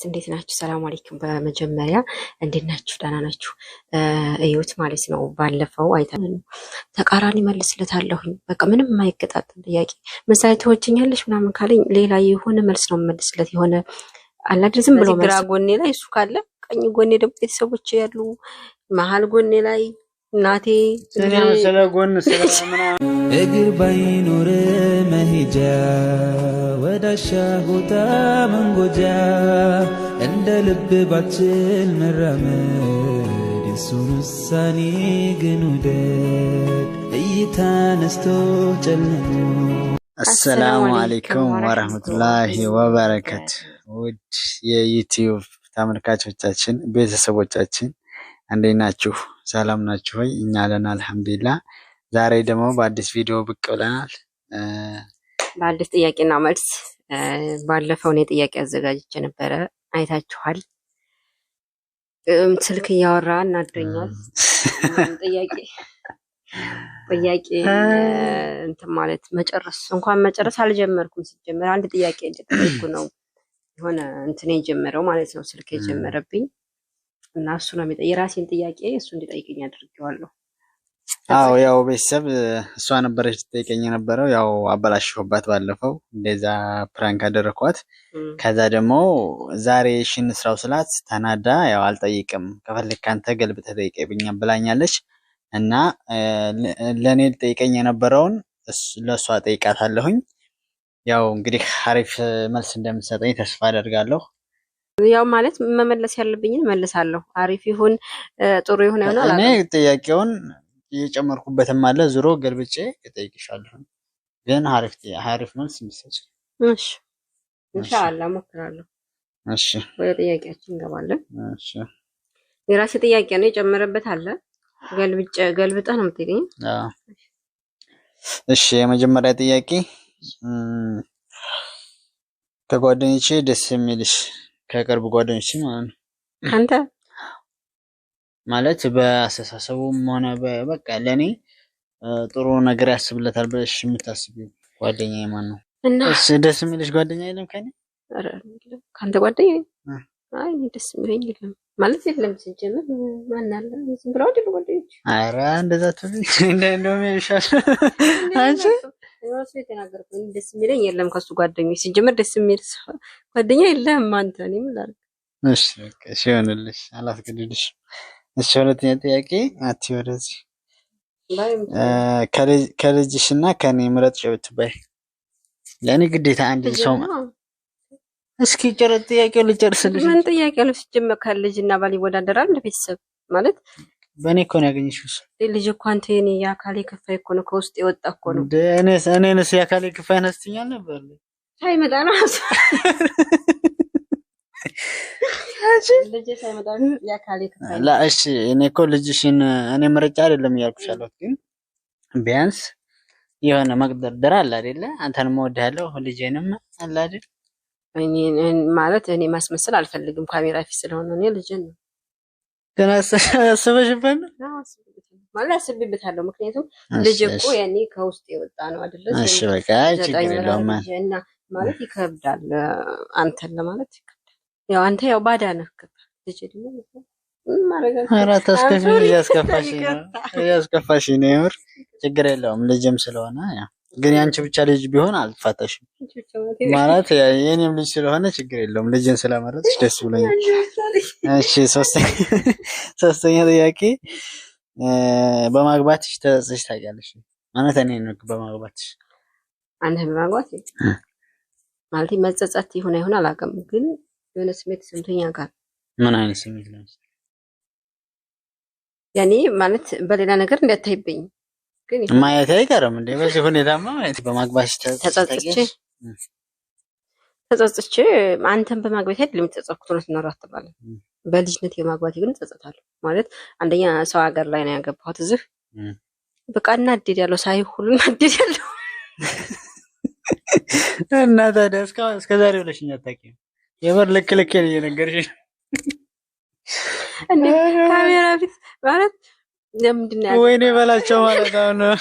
ፖድካስት እንዴት ናችሁ? ሰላም አለይኩም። በመጀመሪያ እንዴት ናችሁ? ደህና ናችሁ? እዩት ማለት ነው። ባለፈው አይተን ተቃራኒ መልስለታለሁኝ። በቃ ምንም የማይገጣጠም ጥያቄ ምሳሌ ትወጅኛለሽ ምናምን ካለኝ ሌላ የሆነ መልስ ነው የምመልስለት። የሆነ አላደ ዝም ብሎ ግራ ጎኔ ላይ እሱ ካለ፣ ቀኝ ጎኔ ደግሞ ቤተሰቦች ያሉ መሀል ጎኔ ላይ እናቴ ስለ ጎን እግር ባይኖር መሄጃ ወዳሻ ቦታ መንጎጃ እንደ ልብ ባችል መራመድ የሱን ውሳኔ ግን ውደድ እይታ ነስቶ ጨለሙ። አሰላሙ አሌይኩም ወረህመቱላሂ ወበረከት ውድ የዩቲዩብ ተመልካቾቻችን ቤተሰቦቻችን እንዴት ናችሁ? ሰላም ናችሁ ወይ? እኛ አለን አልሐምዱሊላ። ዛሬ ደግሞ በአዲስ ቪዲዮ ብቅ ብለናል። በአዲስ ጥያቄና መልስ። ባለፈው እኔ ጥያቄ አዘጋጅቼ ነበረ፣ አይታችኋል። ስልክ እያወራ እናዶኛል። ጥያቄ ጥያቄ እንትን ማለት መጨረስ እንኳን መጨረስ አልጀመርኩም። ሲጀመር አንድ ጥያቄ እንደጠየኩ ነው የሆነ እንትን የጀመረው ማለት ነው ስልክ የጀመረብኝ እና እሱ ነው የራሴን ጥያቄ እሱ እንዲጠይቀኝ አድርጌዋለሁ። አዎ ያው ቤተሰብ እሷ ነበረች ትጠይቀኝ የነበረው ያው አበላሽሁባት። ባለፈው እንደዛ ፕራንክ አደረኳት። ከዛ ደግሞ ዛሬ ሽን ስራው ስላት ተናዳ ያው አልጠይቅም ከፈልክ ካንተ ገልብተ ጠይቀብኝ ብላኛለች። እና ለእኔ ልጠይቀኝ የነበረውን ለእሷ አለሁኝ። ያው እንግዲህ አሪፍ መልስ እንደምትሰጠኝ ተስፋ አደርጋለሁ። ያው ማለት መመለስ ያለብኝን እመልሳለሁ። አሪፍ ይሁን ጥሩ ይሁን ይሆናል። እኔ ጥያቄውን እየጨመርኩበትም አለ ዙሮ ገልብጬ እጠይቅሻለሁ። ግን አሪፍ አሪፍ መልስ እንድትሰጪ እሺ። ኢንሻአላህ እሞክራለሁ። እሺ፣ ወደ ጥያቄያችን እንገባለን። እሺ፣ የራሴ ጥያቄ ነው የጨመረበት አለ ገልብጨ ገልብጠ ነው የምትገኝ። እሺ፣ የመጀመሪያ ጥያቄ ከጓደኞቼ ደስ የሚልሽ ከቅርብ ጓደኞች ማለት ነው። አንተ ማለት በአስተሳሰቡም ሆነ በቃ ለእኔ ጥሩ ነገር ያስብለታል ብለሽ የምታስቢው ጓደኛ የማን ነው? እሱ ደስ የሚልሽ ጓደኛ የለም ከኔ ከአንተ ጓደኛ አይ ደስ የሚለኝ የለም ማለት የለም። ሲጀምር ማን አለ ዝም ብለው አይደሉ ጓደኞች። አረ እንደዛ ትልኝ እንደውም ይሻል አንቺ ራሱ ደስ የሚለኝ የለም። ከሱ ጓደኞች ሲጀምር ደስ የሚል ጓደኛ የለም። አንተ እኔ አላስገድድሽ። እሺ፣ ሁለተኛ ጥያቄ አቲ ከልጅሽ እና ከኔ ምረጥ ብትባይ ለእኔ ግዴታ አንድ ሰው እስኪ ጨረጥ ጥያቄው ልጨርስልሽ። ምን ጥያቄ ነው ሲጀመር? ከልጅ እና ባል ይወዳደራል? ቤተሰብ ማለት በእኔ እኮ ነው ያገኘችው። ልጅ እኮ አንተ የኔ የአካሌ ክፋይ እኮ ነው፣ ከውስጥ የወጣ እኮ ነው። እኔንስ የአካሌ ክፋይ ነስትኛል ነበር ሳይመጣ ነው እሺ። እኔ እኮ ልጅሽን እኔ ምርጫ አይደለም እያልኩሽ ያለሁት ግን ቢያንስ የሆነ መቅደርደር አለ አይደለ? አንተን እወድሃለሁ ልጄንም አለ አይደል? ማለት እኔ ማስመሰል አልፈልግም ካሜራ ፊት ስለሆነ እኔ ልጄን ነው ገና አሰበሽበት ነው ማለት አስቤበታለሁ። ምክንያቱም ልጅ እኮ ያኔ ከውስጥ የወጣ ነው አይደለ? እሺ በቃ ችግር የለውም ማለት ይከብዳል። አንተን ለማለት ይከብዳል። ያው አንተ ያው ባዳ ነህ ይከብዳል። ልጅ ደግሞ ኧረ ተስከፊ እያስከፋሽ ነው የምር ችግር የለውም ልጅም ስለሆነ ያው ግን ያንቺ ብቻ ልጅ ቢሆን አልፋታሽም ማለት የኔም ልጅ ስለሆነ ችግር የለውም። ልጅን ስለመረጥሽ ደስ ብሎኛል። እሺ፣ ሶስተኛ ጥያቄ በማግባትሽ ተጸጽተሽ ታውቂያለሽ? ማለት እኔ ነው በማግባትሽ አንተ በማግባት ማለት መጸጸት ይሁን አይሆን አላውቅም፣ ግን የሆነ ስሜት ሰምቶኛ ጋር ምን አይነት ስሜት ነው ያኔ ማለት በሌላ ነገር እንዳታይብኝ ማየት አይቀርም እንዴ? በዚህ ሁኔታማ ማየት በማግባት ተጸጽቼ ተጸጽቼ አንተን በማግባት ሄድ ለምትጸጸኩት ነው ስናራት ተባለ። በልጅነት የማግባት ግን እጸጸታለሁ። ማለት አንደኛ ሰው ሀገር ላይ ነው ያገባሁት። እዚህ በቃ እናድድ ያለው ሳይ ሁሉ እናድድ ያለው እና ታዲያ እስካሁን እስከ ዛሬ ብለሽኝ አታውቂም። የበር ልክ ልክ እየነገርሽ እንዴ ካሜራ ፊት ማለት ወይኔ በላቸው ማለት ነው።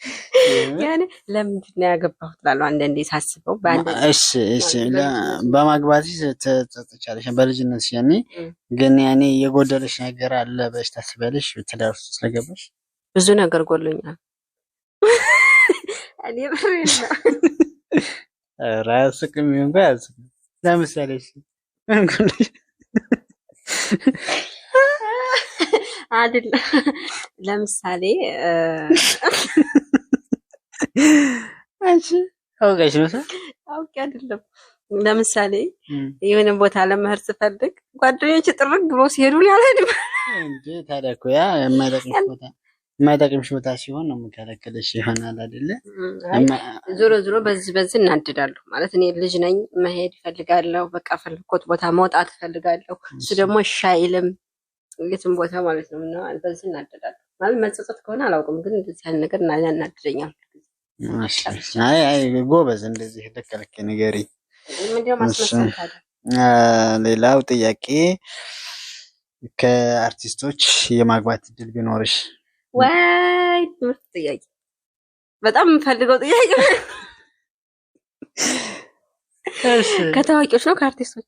ያኔ ለምንድን ነው ያገባሁት እላለሁ አንዳንዴ ሳስበው። በማግባት ተጠጥቻለሽ በልጅነት ያኔ ግን ያኔ የጎደለሽ ነገር አለ በሽ ታስቢያለሽ? ትዳር ውስጥ ስለገባሽ ብዙ ነገር ጎሎኛል። እኔ ብሬ ነው ራስቅም ይሁን ለምሳሌ ምን ጎሎሽ አይደለም። ለምሳሌ አንቺ አውቀሽ ነው አውቄ አይደለም። ለምሳሌ የሆነ ቦታ ለመሄድ ስፈልግ ጓደኞች ጥርግ ብሎ ሲሄዱ አልሄድም እንጂ ታዲያ እኮ ያ የማይጠቅምሽ ቦታ የማይጠቅምሽ ቦታ ሲሆን ነው የምከለከለሽ ይሆናል አይደለ? ዞሮ ዞሮ በዚህ በዚህ እናድዳለሁ ማለት እኔ ልጅ ነኝ፣ መሄድ እፈልጋለሁ። በቃ ፈልኮት ቦታ መውጣት እፈልጋለሁ። እሱ ደግሞ እሺ አይልም። የትም ቦታ ማለት ነው። እና በዚህ እናደዳለሁ ማለት መጸጸት ከሆነ አላውቅም፣ ግን እንደዚህ ያለ ነገር እናደደኛል። አይ አይ ጎበዝ፣ እንደዚህ ልክ ልክ ንገሪ። ሌላው ጥያቄ ከአርቲስቶች የማግባት እድል ቢኖርሽ ወይ? ትምህርት ጥያቄ በጣም የምፈልገው ጥያቄ ከታዋቂዎች ነው ከአርቲስቶች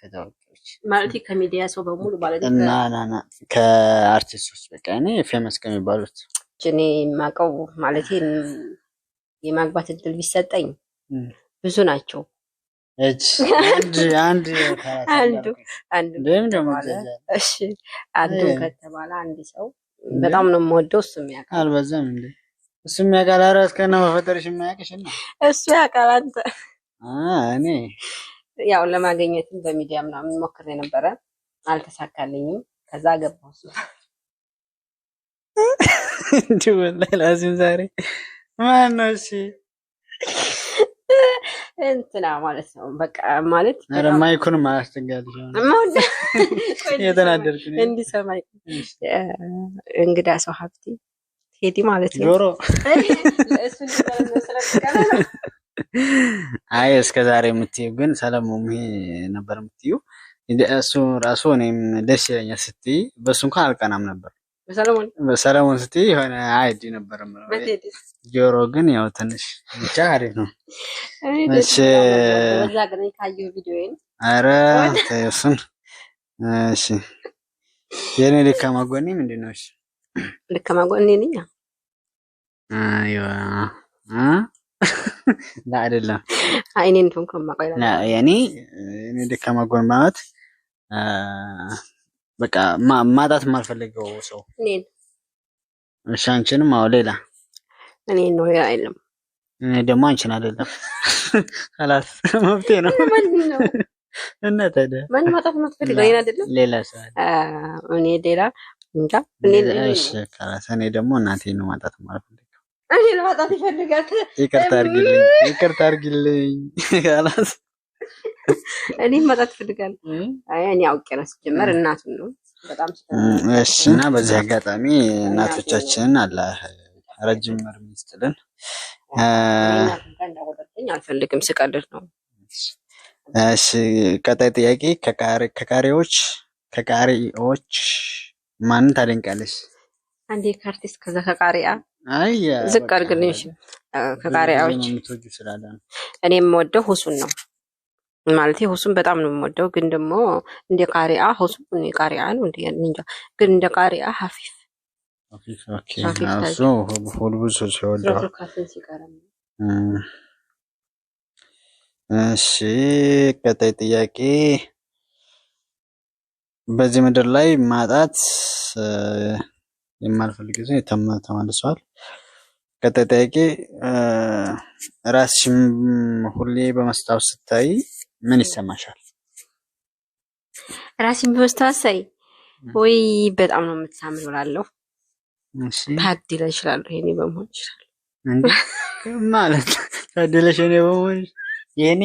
ከታዋቂ ትችላለች ማለት ከሚዲያ ሰው በሙሉ ማለት እና ናና ከአርቲስቶች በቃ እኔ ፌመስ ከሚባሉት እኔ የማውቀው ማለት የማግባት እድል ቢሰጠኝ ብዙ ናቸው። አንዱ ከተባለ አንድ ሰው በጣም ነው የምወደው እሱ የሚያውቃል አልበዛም እንዴ እሱ የሚያውቃል። ኧረ እስከ እና መፈጠርሽ የማያውቅሽ እሱ ያውቃል አንተ እኔ ያው ለማገኘትም በሚዲያ ምናምን ሞክር የነበረ አልተሳካልኝም። ከዛ ገባው እሱ ወላሂ ላዚም ዛሬ ማን ነው እሺ እንትና ማለት ነው በቃ ማለት ማይኩን ማያስደጋል የተናደርኩ እንዲሰማይ እንግዳ ሰው ሀብቴ ቴዲ ማለት ነው ዶሮ እሱ አይ እስከ ዛሬ የምትዩ ግን ሰለሞን ይሄ ነበር የምትዩ እሱ ራሱ እኔም ደስ ይለኛል ስትይ በእሱ እንኳን አልቀናም ነበር። ሰለሞን ስትይ የሆነ አይዲ ነበር ጆሮ ግን ያው ትንሽ ብቻ አሪፍ ነው። ኧረ ተይ እሱን። እሺ የእኔ ልካማ ጎኔ ምንድን ነው? ልካማ ጎኔ ነኝ አይደለም እኔ እንደሆንኩም እኔ ደካማ ጎን ማለት በቃ ማጣት የማልፈልገው ሰው እኔን። እሺ አንቺንም? አዎ ሌላ እኔን ነው አይደለም። እኔ ደግሞ አንቺን አይደለም። ኸላስ መፍትሄ ነው። እና ታዲያ ማን ማጣት የማትፈልገው እኔን አይደለም ሌላ ሰው እኔ ሌላ እንጃ እኔ እሺ ኸላስ እኔ ደግሞ እናቴን ነው ማጣት የማልፈልገው እኔ ለማጣት ይፈልጋል። ይቅርታ አድርጊልኝ፣ ይቅርታ አድርጊልኝ። እኔ ማጣት ይፈልጋል። አይ እኔ አውቄ ነው ሲጀመር እናቱን ነው በጣም እሺ። እና በዚህ አጋጣሚ እናቶቻችንን አላህ ረጅም እድሜ ይስጥልን። አልፈልግም ስቀልድ ነው። እሺ ቀጣይ ጥያቄ ከቃሪዎች ከቃሪዎች ማንን ታደንቃለች? አንዴ ከአርቲስት ከዛ ከቃሪያ ዝቅ አድርግልኝ ከቃሪያዎች እኔ የምወደው ሁሱን ነው ማለት ሁሱን በጣም ነው የምወደው። ግን ደግሞ እንደ ቃሪያ ሁሱን ቃሪያ ነው እንጃ፣ ግን እንደ ቃሪያ ሀፊፍ እሺ ቀጣይ ጥያቄ፣ በዚህ ምድር ላይ ማጣት የማልፈልግ ጊዜ ተመልሷል። ቀጣይ ጥያቄ ራስሽም ሁሌ በመስታወት ስታይ ምን ይሰማሻል? ራሴን በመስታወት ሳይ ወይ በጣም ነው የምትሳምን እላለሁ። ታድለ ይችላሉ የኔ በመሆን ይችላል ማለት ታድለሽ የኔ በመሆን የኔ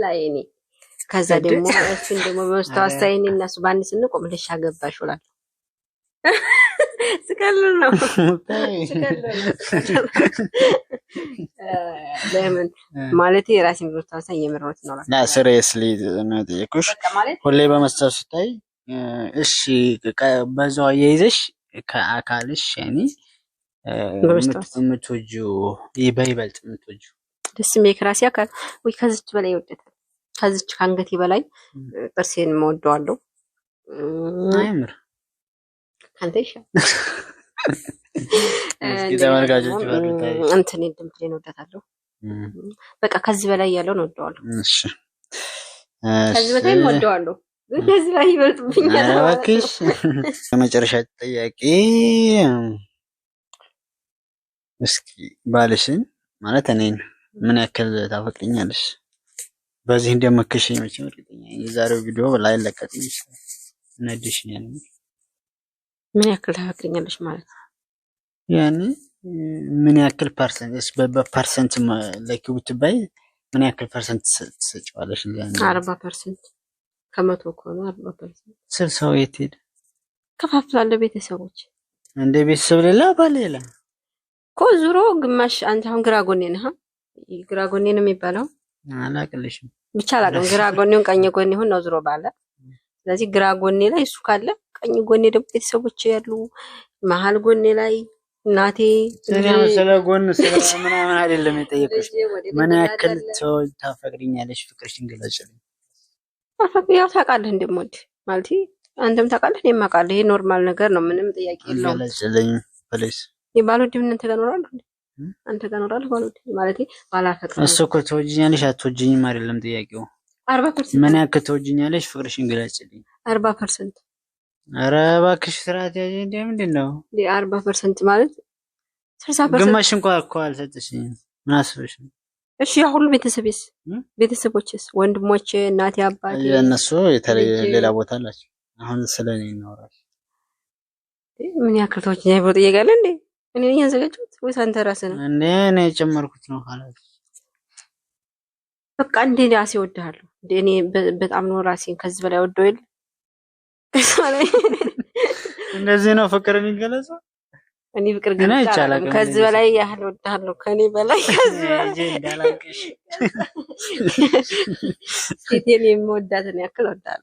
ላ የኔ ከዛ ደግሞ እሱን ደግሞ በመስታወት ሳይ እኔ እና እሱ በአንድ ስንቆም ልሽ አገባሽ እላለሁ። ስቀልድ ነው። ለምን ማለት የራሴን ብሎት ታውሳኝ የምሮት ነው ና ስሬስሊ ሁሌ በመስታወት ስታይ እሺ፣ በዛው የይዘሽ ከአካልሽ ያኔ በይበልጥ የምትወጂው ደስ የሚል ከራሴ አካል ወይ ከዚች በላይ ይወደታል። ከዚች ከአንገቴ በላይ ጥርሴን መወደዋለሁ። አይምር አንተ ይሻላል። እንትን ድንብሌን ወዳታለሁ። በቃ ከዚህ በላይ ያለውን ወደዋለሁ። ከዚህ በታይም ወደዋለሁ፣ ከዚህ ላይ ይበልጥብኛል። እባክሽ የመጨረሻ ጥያቄ እስኪ ባልሽን ማለት እኔን ምን ያክል ታፈቅኛለሽ? በዚህ እንደመከሽ መቼም እርግጠኛ የዛሬው ቪዲዮ ላይ ለቀቅ ይችላል ነድሽኛል ምን ያክል ታፈቅረኛለች ማለት ነው? ያኔ ምን ያክል ፐርሰንት በፐርሰንት ለኪው ብትባይ ምን ያክል ፐርሰንት ትሰጪዋለሽ? አርባ ፐርሰንት ከመቶ ከሆነ አርባ ፐርሰንት ስብሰው የት ሄደ ከፋፍላለሁ። ቤተሰቦች እንደ ቤተሰብ ሌላ ባል ሌላ እኮ ዙሮ ግማሽ አንተ አሁን ግራ ጎኔ ነህ። ግራ ጎኔ ነው የሚባለው አላቅልሽም ብቻ አላቅም። ግራ ጎኔውን ቀኝ ጎኔ ሁን ነው ዙሮ ባለ። ስለዚህ ግራ ጎኔ ላይ እሱ ካለ ቀኝ ጎኔ ደግሞ ቤተሰቦች ያሉ መሀል ጎኔ ላይ እናቴ ስለ ጎን ስለ ምናምን አይደለም የጠየቅሽ። ምን ያክል ሰዎች ታፈቅድኛለሽ? ፍቅርሽን ግለጽልኝ። ያው ታውቃለህ እንደምወድ ማለት አንተም ታውቃለህ፣ እኔም አውቃለሁ። ይሄ ኖርማል ነገር ነው፣ ምንም ጥያቄ የለውም። ግለጽልኝ ፕሊዝ። ባልወድም እናንተ ጋር እኖራለሁ፣ አንተ ጋር እኖራለሁ። ባልወድም ማለት ባላፈቅር እሱ እኮ ተወጂኛለሽ አትወጂኝም አይደለም ጥያቄው። አርባ ፐርሰንት ምን ያክል ተወጂኛለሽ? ፍቅርሽን ግለጽልኝ። አርባ ፐርሰንት ኧረ እባክሽ ስርዓት ያዥ። እንደ ምንድን ነው አርባ ፐርሰንት ማለት ስልሳ ፐርሰንት ግማሽ እንኳ እኮ አልሰጥሽኝም። ምን አስበሽ ነው? እሺ ያ ሁሉ ቤተሰቤስ ቤተሰቦችስ ወንድሞቼ፣ እናቴ፣ አባቴ እነሱ የተለየ ሌላ ቦታ አላቸው። አሁን ስለ እኔ እናወራለን። ምን ያክል ተወች ብሎ እንዴ? እኔ ነኝ ያዘጋጀሁት ወይስ አንተ ራስህ ነው? እንዴ እኔ የጨመርኩት ነው ካላት በቃ እንዴ ራሴ እወድሃለሁ። እኔ በጣም ነው ራሴን ከዚህ በላይ ወደው የለ እንደዚህ ነው ፍቅር የሚገለጸው። እኔ ፍቅር ግን ይቻላል። ከዚህ በላይ ያህል ወዳለሁ ከኔ በላይ ከዚህ በላይ ሴቴን የምወዳትን ያክል ወዳለሁ።